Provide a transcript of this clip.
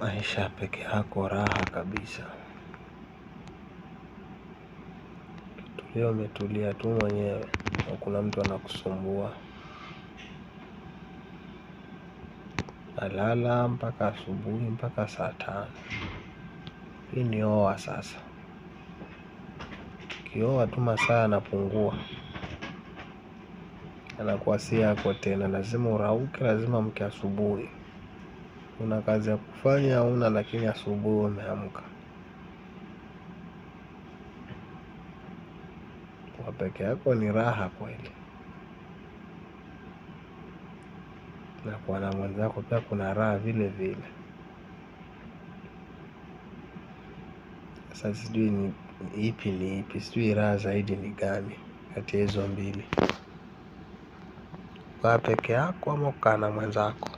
Maisha peke yako raha kabisa. Tulio umetulia tu mwenyewe, hakuna mtu anakusumbua. Nalala mpaka asubuhi, mpaka saa tano. Hii ni oa sasa. Ukioa tu masaa yanapungua, anakuwa si yako tena. Lazima urauke, lazima mke asubuhi una kazi ya kufanya una, lakini asubuhi umeamka kwa peke yako ni raha kweli, na kuwa na mwenzako pia kuna raha vile vile. Sasa sijui ni ipi ni ipi, sijui raha zaidi ni gani kati ya hizo mbili, kwa peke yako ama kukaa na mwenzako.